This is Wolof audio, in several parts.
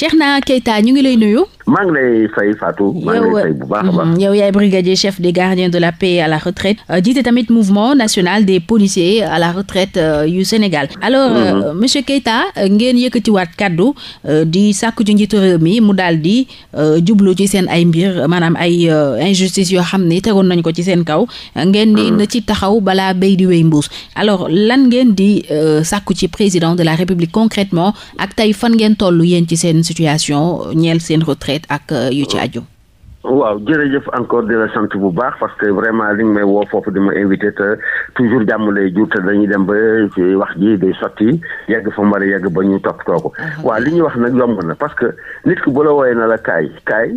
Cheikhna Keita ñu ngi lay nuyu maa ngi lay fay Fatou. maa ngi lay mm-hmm. yow yaay brigadier chef des gardiens de la paix à la retraite euh, jiite tamit mouvement national des policiers à la retraite euh, yu Sénégal. alors euh, mm-hmm. monsieur Keita ngeen yëkkatiwaat kàddu di sàkku ci njiitu réew mi mu daal di jublu ci seen ay mbir maanaam ay injustice yoo xam ne tegoon nañ ko ci seen kaw. ngeen ni mm-hmm. na ci taxaw balaa béy di wéy mbuus alors lan ngeen di sàkku ci président de la république concrètement ak tey fan ngeen toll yéen ci seen situation ñeel seen retraite. tamit ak euh, yu ci aju. waaw jërëjëf encore di la sant bu baax parce que vraiment li ñu may woo foofu di ma invité te toujours jàmm lay jur te dañuy dem ba ci wax ji day sotti yegg fa mu yegg ba ñu topp toogu ko waaw li ñuy wax nag yomb na parce que nit ki bu la na la kaay kaay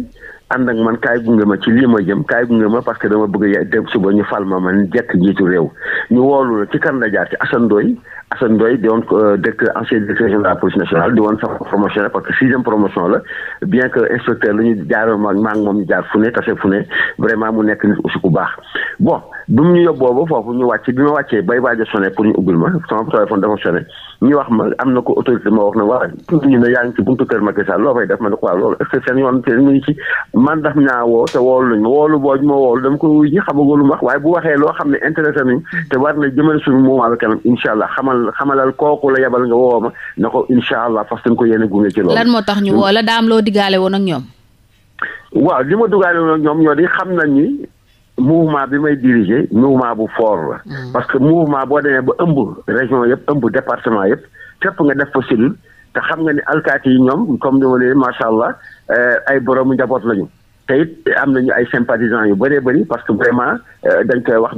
ànd ak man kaay gunge ma ci lii ma jëm kaay gunge ma parce que dama bëgg a dem suba ñu fal ma man jekk njiitu réew ñu woolu la ci kan la jaar ci Assane Ndoye Assane Ndoye sama promotion parce que sixième promotion la bien que inspecteur la ñu jaaroon ma maa jaar fu ne tase fu ne vraiment mu nekk nit aussi baax bon bi mu ñu yóbboo ba foofu ñu wàcc bi ma wàccee bay waaj a pour ñu ubbil ma sama téléphone dafa sonné ñu wax ma am na ko autorité ma wax na waaye bu waxee loo xam ne intéressé nañ te war na jëmal suñu moment bi kanam incha allah xamal xamal xamalal kooku la yabal nga woo ma na ko incha allah fas ko yéene gunge ci loolu. lan moo tax ñu woo la daam loo diggaale woon ñoom. waaw li ma duggaale woon ak ñoom ñoo di xam nañ ni bi may diriger mouvement bu fort la. Mm. parce que mouvement boo demee ba ëmb région yëpp ëmb département yëpp fépp nga def fa cellule te xam nga ni alkaati yi ñoom comme ni ma leen macha allah euh, ay borom njaboot lañu. te it am nañu ay sympathisants yu bëree bëri parce que vraiment euh, dañ koy wax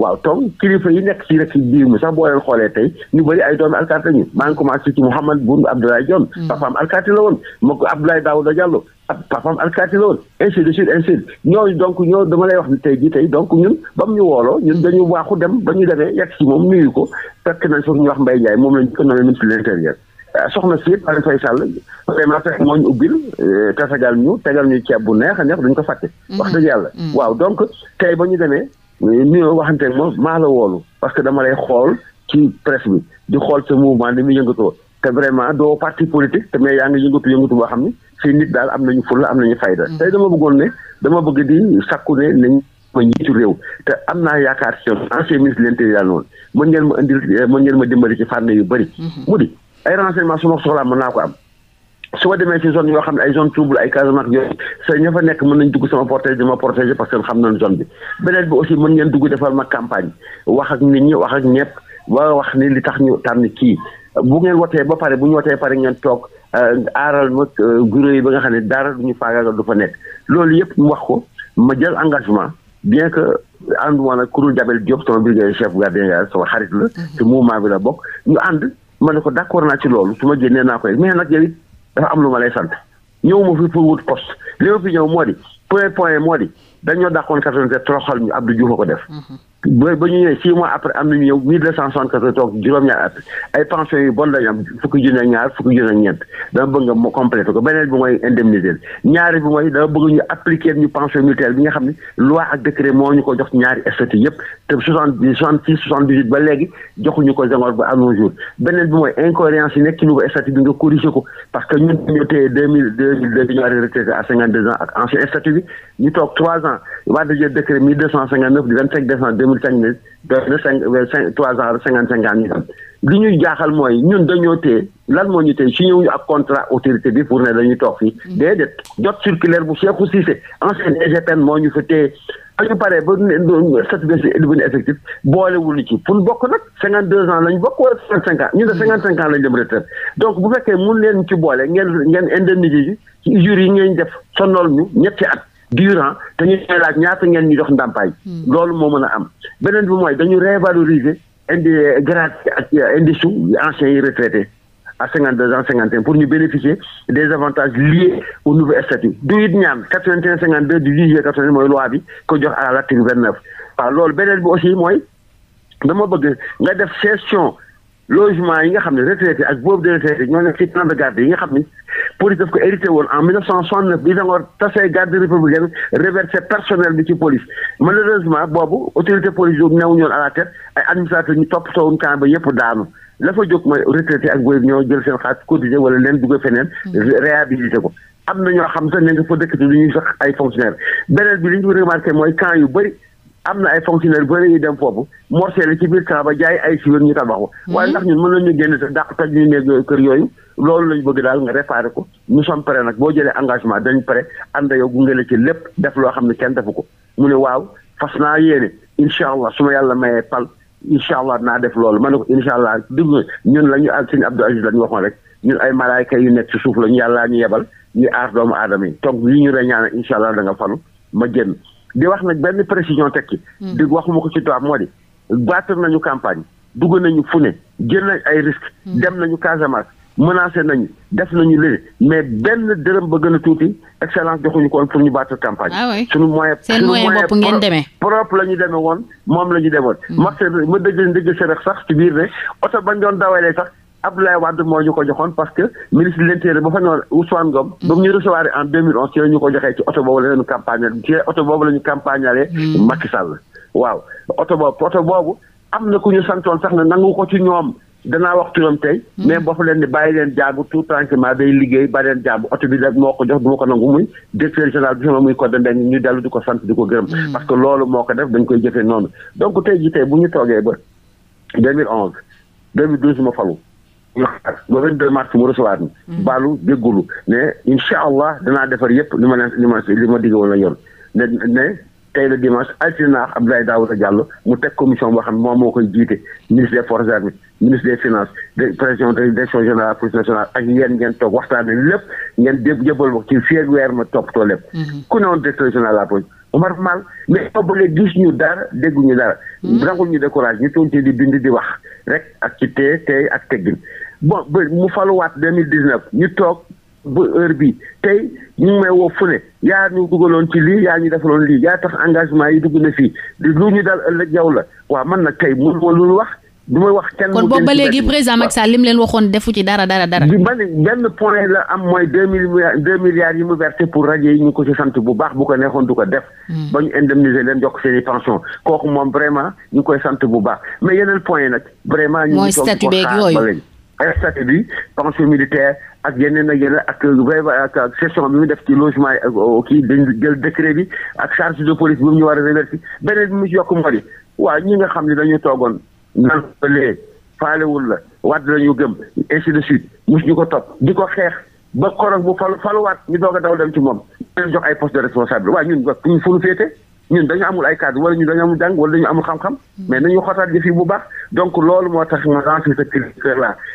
waaw toog kilifa yi nekk ci rek ci biir mi sax boo leen xoolee tey ñu bëri ay doomi alkaati lañu maa ngi commencé ci Mouhamad Boun Abdoulaye Dione mm. papaam alkaati la woon moo ko Abdoulaye Daouda Diallo papaam alkaati la woon ainsi de suite ainsi donc ñoo dama lay wax ni tey jii tey donc ñun ba mu ñu wooloo ñun dañu waaxu dem ba ñu demee yegg ci moom nuyu ko fekk nañ foofu ñu wax mbay Ndiaye moom lañ ko nommé ministre de l'intérieur euh, soxna si it Marème Faye Sall vraiment fex moo ñu ubbil euh, tasagal ñu tegal ñu ceeb bu neex a neex duñ ko fàtte mm. wax dëgg yàlla mm. ñu demee ni waxante ak moom maa la woolu parce que dama lay xool ci presse bi di xool sa mouvement ni muy yëngatoo te vraiment doo parti politique te mais yaa ngi yëngatu yëngatu boo xam ni fii nit daal am nañu fulla am nañu fayda mm. tey dama bëggoon ne dama bëgg di sakku ne nañ ma réew te am naa yaakaar ci yoon ancien ministre de l'intérieur noonu mën ngeen ma indil mën ngeen ma dimbali ci fànn yu bëri mm-hmm. mu di ay renseignement su ma soxlaa mën naa ko am su ma demee ci zone yoo xam ne ay zone trouble ay Casamance yooyu sa ña fa nekk mën nañ dugg sama protéger di ma protéger parce que xam nañ zone bi beneen mën ngeen dugg defal ma ak nit wax ñëpp ba wax ni li tax ñu tànn kii bu ngeen wotee ba pare bu ñu wotee pare ngeen toog euh, aaral ma guré euh, yi ba nga xam ne dara du ñu faagaagal du fa nekk loolu yëpp mu wax ko ma jël engagement bien que ànduma nag kuréel Jabel Diop sama brigadier chef gardien xarit la. te mhm. mouvement bi la bokk ñu ànd ma ne ko d'accord naa ci loolu su ma génnee naa koy mais nag yow dafa am lu ma lay sant ñëw ma fi pour wut poste li ma fi ñëw moo di premier point moo di dañoo dàqoon 87 toroxal ñu Abdou Diouf a ko def. Mm-hmm. ba ñu ñëwee six après am nañu yow mille deux cent soixante quatre toog juróom-ñaar ay pension yu bon lañu am fukki junne ñaar fukki junne ñett dama bëgg nga mu ko beneen bi mooy indemnité ñaari bi mooy dama bëgg ñu appliquer ñu pension mutuelle bi nga xam ne loi ak décret moo ñu ko jox ñaari statut yëpp soixante six soixante dix huit ba léegi joxuñu ko Senghor ba à nos jours beneen bi mooy incohérence yi nekk ci nouveau bi nga corrigé ko wul cinq mille doy na cinq trois ans cinquante cinquante ñu dem li ñuy jaaxal mooy ñun dañoo téye lan moo ñu téye si ñëw ñu ak contrat autorité bi pour ne dañuy toog fii mm. déedéet jot circulaire bu Cheikhou Cissé ancien DGPN moo ñu fa téye añu paree ba statut bu ñu effectif boolewul ci pour bokk nag cinquante deux ans lañ bokk wala cinquante cinq ans ñu ne mm. cinquante cinq ans lañ dem retraite donc bu fekkee mun leen ci boole ngeen ngeen indemnité yi usures yi ngeen def sonnool ñu ñetti at durant te ñu koy laaj ñaata ngeen ñu jox ndàmpaay. Hmm. loolu moo mën a am beneen bi mooy dañu révaloriser indi euh, grade ak euh, indi su anciens yi retraités à cinquante deux ans cinquante et pour ñu bénéficier des avantages liés au nouveau statut du it ñaan quatre vingt et un mooy loi bi ko jox à l'article vingt neuf waaw loolu beneen bi aussi mooy dama bëgg nga def session logement yi nga xam ne retraité ak boobu de retraité ñoo nekk ci plan de garde yi nga xam ni police daf ko hérité woon en 1969 bi da nga war tasee garde républicaine reversé personnel bi ci police malheureusement boobu autorité police boobu newu ñoon à ay administrateur ñu toppatoo wuñ ba yëpp daanu la fa jóg mooy retraité ak boobu ñoo jël seen xaalis cotisé wala leen dugg feneen hmm. réhabilité ko am na ñoo xam sax ne nga fa dëkkati bi li ñu remarqué mooy bëri am na ay fonctionnaire bëri yu dem foofu morceler ci biir temps ba jaay ay siwér ñu tabax ko hmm. waaye ndax ñun mën nañu génn sax dàq toj ñu ne kër yooyu loolu lañu bëgg daal nga réparé ko nous sommes prêts nag boo jëlee engagement dañ pare ànd yow gunge la ci lépp def loo xam ne kenn defu ko mu ne waaw fas naa yéene incha allah su ma yàlla mayee pal incha allah naa def loolu ma ne ko incha allah dugg ñun la ñu ak suñu Abdou Aziz la ñu waxoon rek ñun ay malaayka yu nekk ci suuf la ñu yàllaa ñu yebal ñu doomu aadama yi donc li ñu reñaana incha allah da nga fanu ma génn di wax nag benn précision tekki. Hmm. di waxuma ko ci tubaab moo di. nañu campagne dugg nañu fu ne jël nañ ay risques. Hmm. dem nañu Casamance menacé nañu def nañu léegi mais benn dërëm ba gën a tuuti excellence joxuñu ko woon pour ñu battre campagne. ah oui seen moyen bopp ngeen demee propre la ñu demee woon moom la ñu demoon. Hmm. ma dëgg dëgg sërëx sax ci biir ne oto bañ doon dawalee sax. Abdoulaye Wade moo ñu ko joxoon parce que ministre de l'intérieur ba fa ñëwoon Ousmane Ngom. ba mu ñu ci la ko joxee ci oto boobu la ñu campagne boobu hmm. waaw oto boobu oto am na ku ñu santoon sax na nangu ko ci ñoom. danaa wax turam tey hmm. mais boo fa leen ni bàyyi leen jaabu tout tranquillement day liggéey bàyyi leen jaabu oto bi rek moo ko jox du ma ko nangu muy directeur général bi sama muy ko dendee ñu dellu di ko sant di ko gërëm hmm. parce que loolu moo ko def dañ koy jëfee noonu donc tey ji bu ñu toogee ba 2011 2012 ma falu ñu xaar ba vingt deux mars mu recevoir ni mm. ne incha allah danaa defar yépp li ma leen li ma li ma digg woon la yoon ne ne tey la dimanche alternaax Abdoulaye Daouda Diallo mu teg commission boo xam ne moom moo koy jiite ministre des forces armées ministre des finances de président de direction générale police nationale ak yéen ngeen toog waxtaanee lépp ngeen jébal wax ci fii ma toppatoo lépp. Mm-hmm. ku ne woon directeur général police. Omar Mal mais ba léegi gis ñu dara dégguñu dara. nangul hmm. ñu décourage ñu tontu di bind di wax rek ak ci tey ak teggin bo ba mu faluwaat deux mille dix ñu toog ba heure bi tey ñu may woo fu ne yaa ñu dugaloon ci lii yaa ñu defaloon lii yaa tax engagement yi dugg na fii di lu ñu dal ëllëg yow la waaw man nag tey mënu ma lu wax. du ma wax kenn kon boobu ba léegi président Macky Sall li mu leen waxoon defu ci dara dara dara. ban benn point la am mooy deux milliards deux milliards yi mu versé pour rajo yi ñu ko ci sant bu baax bu ko neexoon du ko def. Hmm. ba ñu indemniser leen jox seen pension kooku moom vraiment ñu koy sant bu baax mais yeneen point yi nag. vraiment ñu ngi toog statut beeg yooyu statut bi pension militaire ak yeneen ak yeneen ak bi mu def ci logement euh, kii dañu jël décret bi ak charge de police bi mu ñu war a remercier beneen bi mu ci yokk mooy waaw ñi nga nal ba lee faalewul la waat la ñu gëm ainsi de suite mus ñu ko topp di ko xeex ba korog bu falu faluwaat ñu doog a daw dem ci moom leen jox ay poste de responsable waaye ñun wa ñu féete ñun dañu amul ay cadre wala ñu dañu amul jàng wala dañu amul xam-xam mais nañu xotaat jëf yi bu baax donc loolu moo tax ma lancer ce cri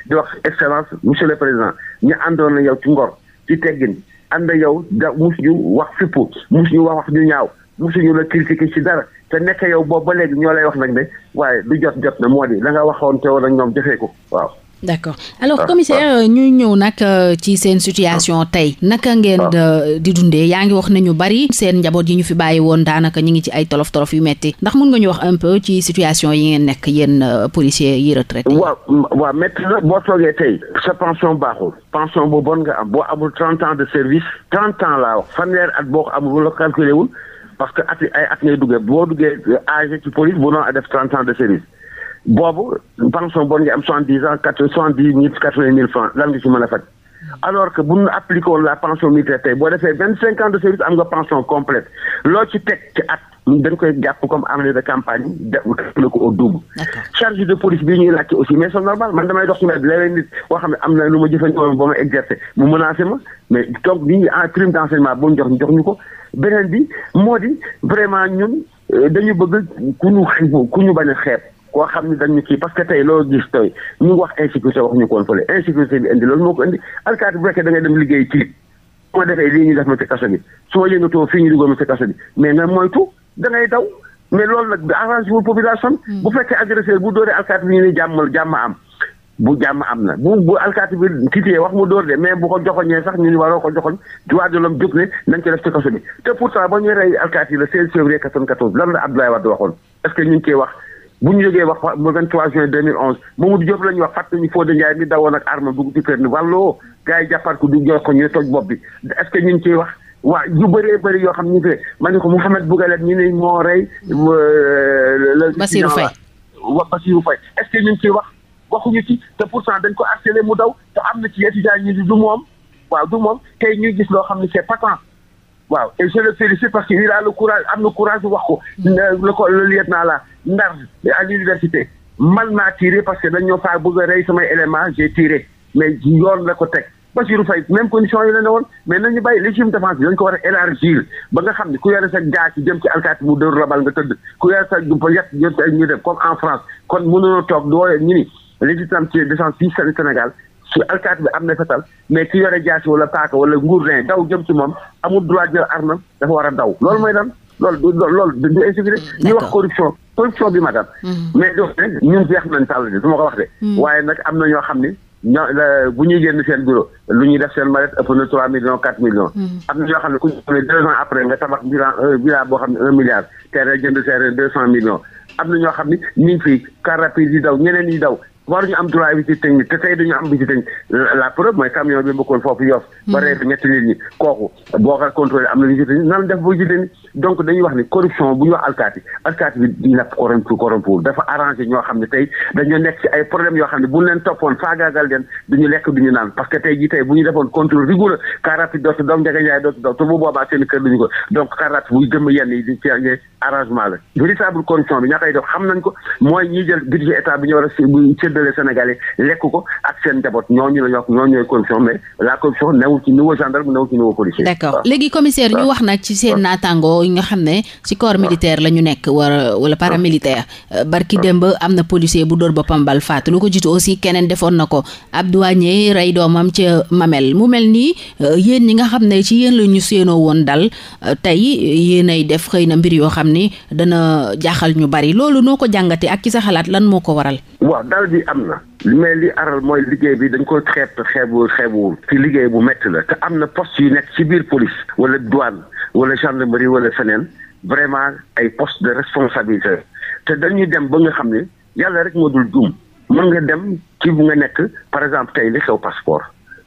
di wax excellence monsieur le président ñu àndoon la yow ci ngor ci teggin ànd yow da mus ñu wax fippu mus ñu wax wax ñu ñaaw musuñu la critiquer ci dara te nekk yow boobu ba léegi ñoo lay wax nag de waaye du jot jot na moo di la nga waxoon te woon ak ñoom jëfee ko waaw. d'accord alors ah, commissaire ah. Euh, ñuy ñëw nag euh, ci seen situation ah. tey naka ngeen euh, di dundee yaa ngi wax nañu bari seen njaboot yi ñu fi bàyyi woon daanaka ñu ngi ci ay tolof tolof yu metti ndax mun nga ñu wax un peu ci situation yi ngeen nekk yéen policiers yi retraité waaw waaw métti na boo toogee tey sa pension baaxul pension bu nga am boo amul trente de service trente ans laa wax fanweer boo ko amul bu parce que at ay at ngay duggee boo duggee âgé ci police bu noonu def trente ans de service boobu pension bon nga am soixante dix ans quatre soixante dix mille francs lan nga ci mën a faj alors que bu ñu appliqué la pension militaire tey boo defee vingt cinq ans de service am nga pension complète loo ci teg ci at. ñun dañ koy jàpp comme arme de campagne def na ko au double. charge de police bii ñuy laajte aussi mais c'est normal man damay dox ci ne am na ñu jox ñu ko beneen bi moo di vraiment ñun euh, dañu bëgg ku ñu ku ñu koo xam ne dañu kii parce que tey loo gis tey ñu wax insécurité wax ñu koon fële insécurité bi indi loolu moo ko indi alkaati bu fekkee da ngay dem liggéey ci su ma defee lii ñu def ma ci kaso bi su ma yëngatoo fii ñu dugal ma ci kaso bi mais nga moytu da ngay daw mais loolu nag arrange wul population hmm. bu fekkee agresseur bu dóoree alkaati bi ñu ne jàmm jàmm am bu jàmm am na bu bu alkaati bi titee wax mu dóor de mais bu ko joxoñee sax ñu ni waroo ko joxoñ droit de l'homme jóg ne nañ ko mu 23 juin wax fàttali ñu Fodé Ndiaye mi dawoon ak arme dugg ci ni wàlloo gars yi jàppaat du jox toj bopp bi est ñu ngi koy wax waa yu bëree bëri yoo xam ni fi ma ne ko Mouhamed Bougalet ñu ne moo rey. Euh, Basirou Faye wa Basirou Faye est-ce que ñu ngi ciy wax waxuñu ci te pour pourtant dañ ko harcelé mu daw te am na ci étudiant ñi du moom waaw du moom tey ñuy gis loo xam ne c'est patent waaw et je le félicite parce que il a le courage am na courage wax ko. Mm. le ko la ndar à l'université mal naa tiré parce que dañ ñoo faa bëgg rey samay élément j'ai tiré mais yoon la ko teg. Bassirou Faye même condition yi la ne woon mais nañu bàyyi légitime défense bi dañ ko war a élargir ba nga xam ne ku yore sa gaa ci jëm ci alkaati bi am na fetal daw jëm ci moom amul droit jël arme dafa war a daw loolu mooy lan loolu du loolu du insécurité mm-hmm. ko wax de mm-hmm. waaye nag am na ñoo xam ni ñoo bu ñuy génn seen bureau lu ñuy def seen malet ëpp na trois millions quatre millions. Hmm. am na ñoo xam ne ku ñu deux ans après nga tabax bilan euh, milliard terrain jënd terrain deux cent millions. am na ñoo xam ne ñu ngi fi car rapide yi daw ñeneen yi daw waruñu am droit visite te tey dañu am visite la preuve mooy camion bi mbëkkoon foofu yof hmm. ba ree ñetti nit ñi kooku boo ko contrôlé am na visite technique def ba donc dañuy wax ni corruption bu ñu wax alkaati alkaati bi dina corrompu corrompu dafa arrangé ñoo lekk duñu naan parce que tey ji tey bu ñu defoon contrôle rigoureux car rapide doom njegeñaay dootu doom te bu boobaa seen kër duñu ko donc car rapide buy jëm yenn yi di ci arrangement la de les Sénégalais lekk ko ak seen njaboot ñooñu la ñoo ñooy corruption mais la corruption newul ci niveau gendarme newul ci niveau policier. d'accord léegi commissaire ñu wax nag ci seen naataango yi nga xam ne ci corps militaire la ñu nekk wala wala paramilitaire. Euh, barki ba am na policier bu dóor boppam bal faatu lu ko jiitu aussi keneen defoon na ko ab douanier rey doomam ca Mamel mu mel nii euh, yéen ñi nga xam ne ci yéen la ñu séenoo woon dal euh, tey ay def xëy na mbir yoo xam ni dana jaaxal ñu bari loolu noo ko jàngatee ak ki sa xalaat lan moo ko waral. am na li may li aral mooy liggéey bi dañ ko xeeb xeebu xeebu ci liggéey bu métti la te am na poste yu nekk ci biir police wala douane wala gendarmerie wala feneen vraiment ay poste de responsabilité te dañuy dem ba nga xam ne yàlla rek moo dul juum mën nga dem ci bu nga nekk par exemple tey li xew passeport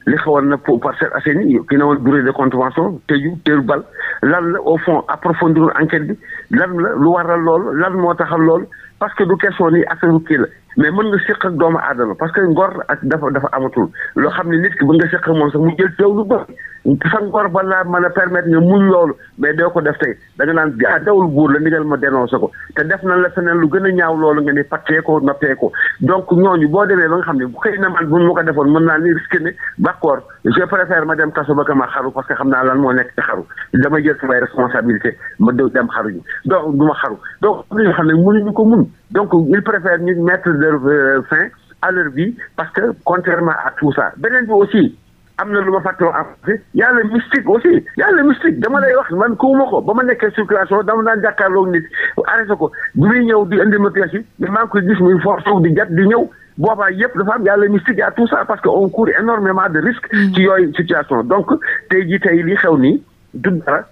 li xewoon na pour Parcelles Assainies ki ne woon durée de contravention tëju tëru bal lan la au fond approfondir enquête bi lan la lu waral lool lan moo taxal lool parce que du question ni affaire kii la mais mën nga séq ak doomu aadama parce que ngor ak dafa dafa amatul loo xam ne nit ki mën nga séq ak moom sax mu jël teew lu bëri sa ngor ba mën a permettre nga muñ loolu mais doo ko def tey da naan ah dawul buur la ndigal ma dénoncé ko te def na la feneen lu gën a ñaaw loolu nga ni pattee ko noppee ko donc ñooñu boo demee ba nga xam ne bu xëy na man bu ma ko defoon mën naa ni risqué ne d'accord je préfère ma dem kaso ba ka ma xaru parce que xam naa lan moo nekk ci xaru dama jël samay responsabilité dem xaru ji donc du ma xaru donc am na ñoo xam ne mënuñu ko mun donc il préfère ñu mettre leur fin à leur vie parce que contrairement à tout ça beneen bi aussi am na lu ma fàttewoon am yàlla mystique aussi yàlla mystique dama lay wax man kuuma ko ba ma nekkee circulation dama daan jàkkaarloog nit arrêté ko bi muy ñëw di indi ma pièce yi mais maa ngi koy gis muy force di jat di ñëw boobaa yëpp dafa am yàlla mystique y a sax parce que on court énormément de risques mm. ci yooyu situation donc tey jii tey li xew nii du dara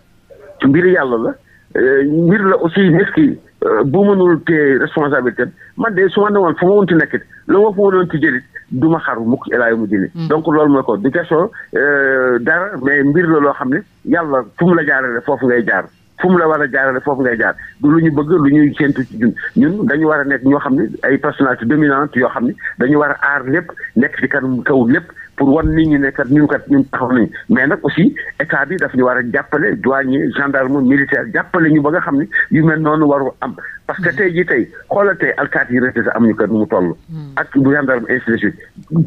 mbir yàlla la euh, mbir la aussi nit ki euh, bu mënul téye responsabilité man de su ma ne woon fu ma mënti nekkit lu ma fa mënoon ci jërit du ma xaru mukk elaayu mu dini mm. donc loolu mooy ko du question euh, dara mais mbir la loo xam ne yàlla fu mu la jaarale foofu ngay jaar fu mu la war a jaarale foofu ngay jaar du lu ñu bëgg lu ñuy séntu ci ñun ñun dañu war a nekk ñoo xam ne ay personnalité dominante yoo xam ne dañu war a aar lépp nekk ci kanam kaw lépp pour wan nit ñi nekkat kat ñun kat ñun taxaw nañu mais nag aussi état bi daf ñu war a jàppale douanier gendarme militaire jàppale ñu ba nga xam ne yu mel noonu waru am parce que tey jii tey xoolal tey alkaati yi retraité amuñu kër nu toll. Hmm. ak bu gendarme ainsi de suite.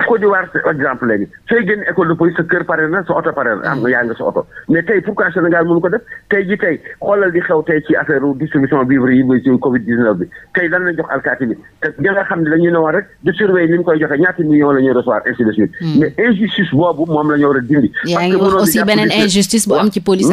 Côte d'Ivoire par exemple léegi sooy génn école na sa oto pare na hmm. yaa nga sa oto mais tey pourquoi Sénégal mënu ko def tey jii tey xoolal di xew tey ci affaire distribution vivres yi ba ci Covid 19 bi tey lan la jox alkaati bi te ña xam ne dañuy newoon rek di surveiller ni ñu koy joxe ñaata millions la ñuy recevoir ainsi hmm. mais injustice boobu moom la a dindi. yaa ngi wax aussi beneen injustice bu am ci police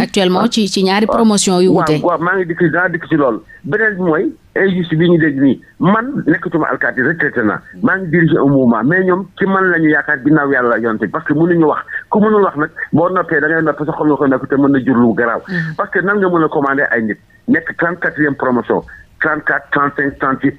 maa ngi dikk dinaa beneen bi mooy injustice bi ñu dégg nii man nekkatuma alkaati retraité naa maa ngi dirigé un mouvement mais ñoom ci man la ñu yaakaar naaw yàlla yonte parce que mënuñu wax ku mënul wax nag boo noppee da ngay nopp sa xol nga ko nekk te mën na jur lu garaaw. Mm. parce que nan nga mën a commandé ay nit nekk trente quatrième promotion. 34 35 38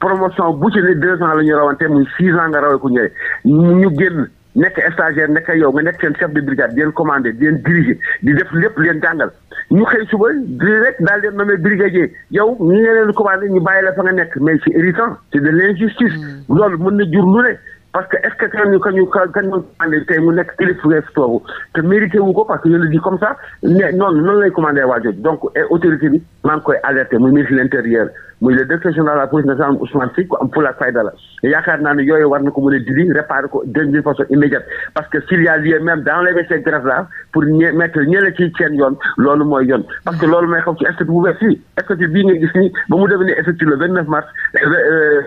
promotion bu ci ne deux ans la ñu rawante muy six nga rawee ku ñëwee ñu génn. nekk stagiaire nekk yow nga nekk seen chef de brigade di leen commandé di leen diriger di def lépp leen jàngal ñu xëy suba di rek daal leen nommé brigadier yow ñu ngi leen commandé ñu bàyyi la fa nga nekk mais c'est irritant c'est de l'injustice hmm. loolu mën na jur lu ne parce que est-ce que kan ñu kan ñu kan ñu commandé tey mu nekk kilifa toogu te mérité wu ko parce que yéen a di comme ça ne noonu noonu lay commandé waa jooju donc autorité bi maa ngi koy alerté muy ministre de l'intérieur muy le directeur général de la police nationale Ousmane Sy ku am fulaak fayda la yaakaar naa ne yooyu war na ko mën a diri réparer ko d'une façon immédiate parce que s'il y a lieu même d'enlever ces grèves là pour ñe ñële ci seen yoon loolu mooy yoon parce que loolu mooy xaw ci statut bu bees fii statut bii nga gis ni ba mu devenir effectif le vingt neuf mars eh, euh,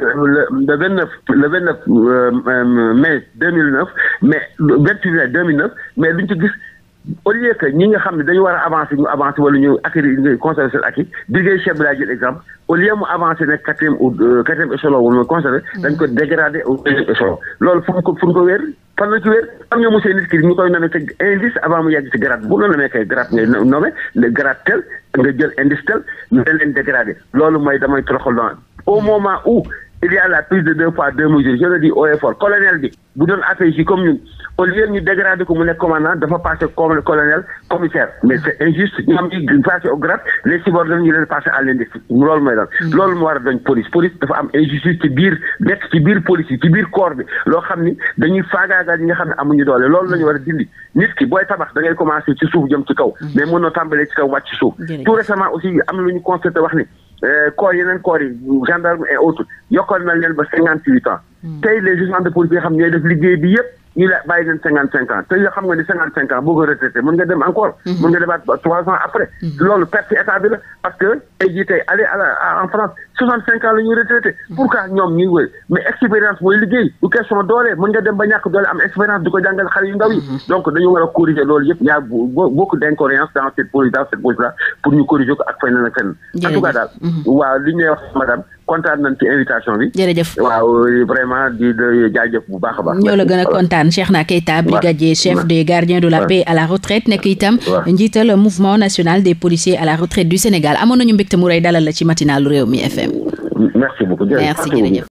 le vingt neuf le vingt neuf euh, mai deux mille neuf mais vingt huit mai deux mille neuf mais luñ ci au lieu que ñi nga xam ne dañu war a avancer ñu avancer wala ñu acquérir ñu conserver seen acquis brigade chef bi jël exemple au lieu mu avancer nekk quatrième ou euh, mm. quatrième échelon loolu fu mu ko fu mu ko wér fan la ci wér am nga monsieur nit ñu koy nommé ci indice avant mu yàgg ci grade bu loolu la nekkee grade tel nga jël indice tel ñu leen dégradé loolu mooy damay toroxal au moment où il y a la prise de deux poids deux mesures je le dis haut et colonel bi bu doon APJ comme ñun au lieu ñu dégradé ko mu nekk commandant dafa passé commissaire mais c' injuste ñu am ñu passé au grade les subordonnés ñu leen passé à l'indécis loolu mooy lan hmm. loolu moo war a doon police police dafa am injustice ci biir nekk ci biir police yi ci biir corps bi loo xam ni dañuy faagaagal ñi nga xam ne amuñu doole loolu la ñu war a dindi nit ki booy tabax da ngay commencé ci suuf jëm ci kaw hmm. mais mën noo tàmbalee ci kaw wàcc ci suuf tout ni Euh, koor yeneen koor yi gendarme et autres yokkal nañ leen ba cinquante huit ans. Hmm. tey les agents de police bi xam ñooy def liggéey bi yëpp ñu la bàyyi leen cinquante cinq ans te yoo xam nga ni cinquante cinq ans boo ko retraité mën nga dem encore. Hmm. mën nga demaat ba trois ans après. Hmm. loolu perte état bi la parce que tey jii tey aller en France. soixante cinq ans la ñuy retraité pourquoi ñoom ñuy wër mais expérience mooy liggéey du question doole mën nga dem ba ñàkk doole am expérience di ko jàngal xale yu ndaw yi mm-hmm. donc dañu war a corriger loolu yëpp y'a beaucoup d'incohérence dans cette police dans cette police là pour ñu corriger ko ak feneen ak feneen en tout cas daal mm-hmm. waaw li ñuy wax madame kontaan nañ ci invitation bi. jërëjëf waaw vraiment di jaajëf bu baax a baax. ñoo la gën a kontaan Cheikhna Keita brigadier chef des gardiens de la paix problème. merci beaucoup jërëjëf merci jërëjëf.